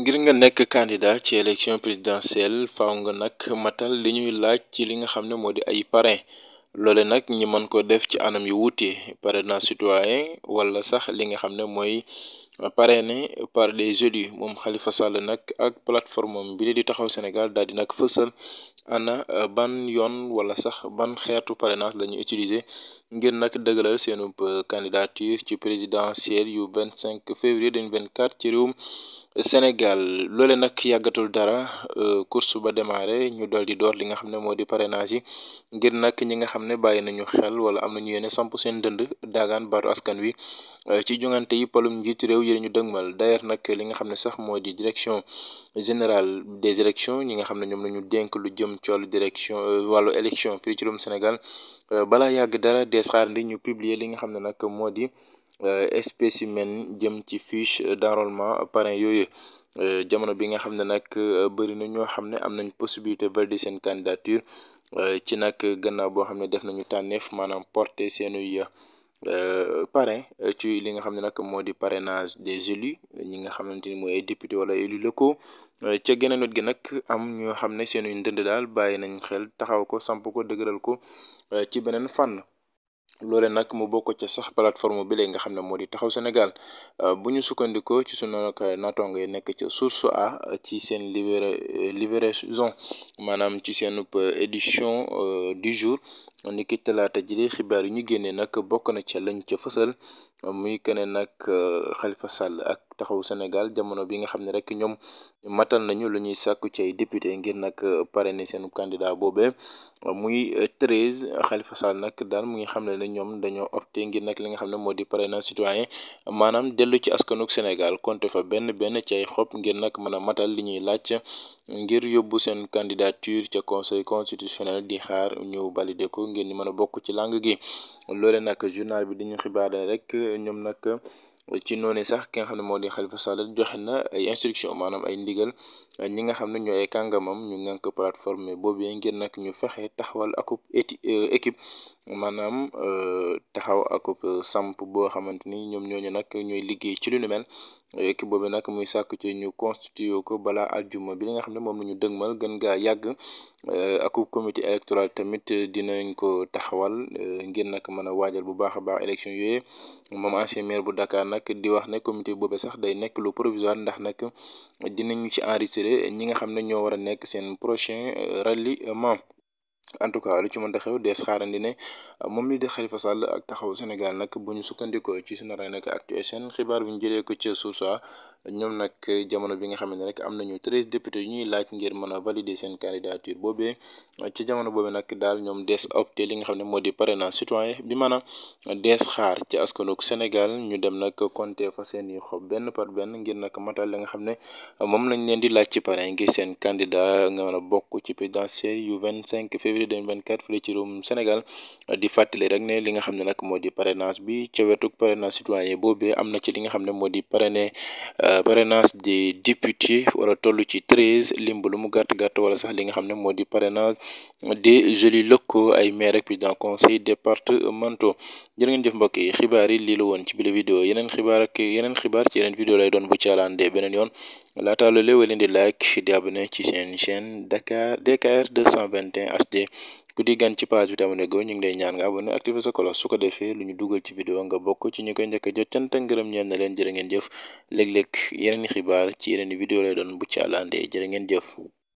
ngir nga nekk candidat ci élection présidentielle faaw nga nag matal li ñuy laaj ci li nga xam ne moo di ay parrain loole nag ñi mën ko def ci anam yu wuute parrainage citoyen wala sax li nga xam ne mooy parrainé par des élus moom xalifa Sall nag ak plateforme bi li di taxaw Sénégal daal di nag fësal ana ban yoon wala sax ban xeetu parrainage la ñu utiliser ngir nag dëggalal seenu candidature ci présidentielle yu vingt cinq février deux mille vingt quatre ci réewum. Sénégal loole nag yàggatul dara euh, course ba démarré ñu dal di door li nga xam ne moo di parrainage ngir nag ñi nga xam ne bàyyi nañu xel wala am nañu yéene samp seen dënd daagaan baatu askan wi euh, ci jongante yi palum njiitu réew yi ñu dëgmal d'ailleurs nag li nga xam ne sax moo di direction générale des élections ñi nga xam ne ñoom lañu ñu dénk lu jëm ci direction euh, wàllu élection fii ci réewum Sénégal balaa yàgg dara des xaar ndi ñu publier li nga xam ne nag moo di Euh, spécimen jëm ci fiche d'enrôlement parrain yooyu euh, jamono bi nga xam ne nag euh, bëri na ñoo xam ne am nañ possibilité valider seen candidature ci nag gannaaw boo xam ne def nañu tànneef maanaam porter seenuy parrain ci li nga xam ne nag moo di parrainage des élus ñi nga xamante ni mooy député wala élus locaux ca geneen wet gi nag am ñoo xam ne ñu ndënd daal bàyyi nañu xel taxaw ko samp ko dëgëral ko ci beneen fànn loole nag mu bokk ca sax plateforme bi léegi nga xam ne moo di taxaw Sénégal euh, bu ñu sukkandikoo ci sunu euh, naataango yi nekk ca source a euh, ci seen libéré libération maanaam ci seen édition du jour niki talaata ji xibaar yi ñu génnee nag bokk na ca lañ ca fësal muy keneen nag euh, Khalifa Sall ak taxawu Sénégal jamono bi nga xam ne rek ñoom matal nañu lu ñuy sàkku ci ay député ngir nag euh, parrainer seen candidat boobee muy euh, treize Khalifa Sall nag daal mu ngi xam ne ñoom dañoo opté ngir nag li nga xam ne moo di parrainage citoyen maanaam dellu ci askanuk Sénégal compté fa benn benn ci xob ngir nag mën a matal li ñuy laaj ngir yóbbu seen candidature ca conseil constitutionnel di xaar ñu valider ko ngir ñu mën a bokk ci lang gi loole nag journal bi dañu xibaar rek. ñoom nag ci noonu sax ki nga xam ne moo di xalifa Sall joxe na ay instruction maanaam ay ndigal ñi nga xam ne ñooy ay kàngamam ñu ngànk plateforme boobee ngir nag ñu fexe taxawal akub équipe maanaam euh, taxaw akub euh, samp boo xamante ni ñoom ñooñu nag ñooy liggéey ci lu nu mel équipe boobu nag muy sàkk ci ñu constitué ko balaa aljuma bi li nga xam ne moom la ñu dëgmal gën gaa yàgg euh, akub comité électoral tamit dinañ ko taxawal ngir nag mën a waajal bu baax a baax élection yooyu moom ancien maire bu Dakar nag di wax ne comité boobe sax day nekk lu provisoire ndax nag dinañu ci enregistré ñi nga xam ne ñoo war a nekk seen prochain ralliement en tout cas lu ci mën a xew dees xaarandi ne moom mi di Khalifa Sall ak taxaw Sénégal nag bu ñu sukkandikoo ci sunu ray nag Actu SN xibaar bi ñu jëlee ko ca Sousa ñoom nag eh, jamono bi nga xam ne rek am nañu treize députés yu ñuy laaj ngir mën a valider seen candidature boobee ci jamono boobee nag daal ñoom dees opté li nga xam ne moo di parrainage citoyen bi maanaam dees xaar ci askanu Sénégal ñu dem nag compter fa seen i xob benn par benn ngir nag matal li nga xam ne moom lañ leen di laaj ci parrain ngir seen candidat nga mën a bokk ci présidentielle yu vingt cinq février deux mille vingt quatre fële ci réewum Sénégal di fàttali rek ne li nga xam ne nag moo di parrainage bi ca wetuk parrainage citoyen boobee am na ci li nga xam ne moo di parrainé. Eh, parrainage euh, des députés wala tollu ci 13 limbu lu mu gatt gatt wala sax li nga xam ne moo parrainage des élus locaux ay maire ak président conseil départementaux jërë ngeen def mbokk yi xibaar yi lii la woon ci bile vidéo yenen xibaar ak yenen xibaar ci yenen vidéo lay doon bu caalaan benen beneen yoon laataa loolu leen like di abonné ci sen chaîne Dakar DKR 221 HD ku di gan ci page bi tamit go ngi lay ñaan nga abonné activé sa cloche su ko defee lu ñu dugal ci vidéo nga bokk ci ñu koy njëkk a jot cant ak ngërëm ñeen na leen jërë ngeen jëf léeg-léeg yeneen xibaar ci yeneen i vidéo lay doon bu ci ngeen jëf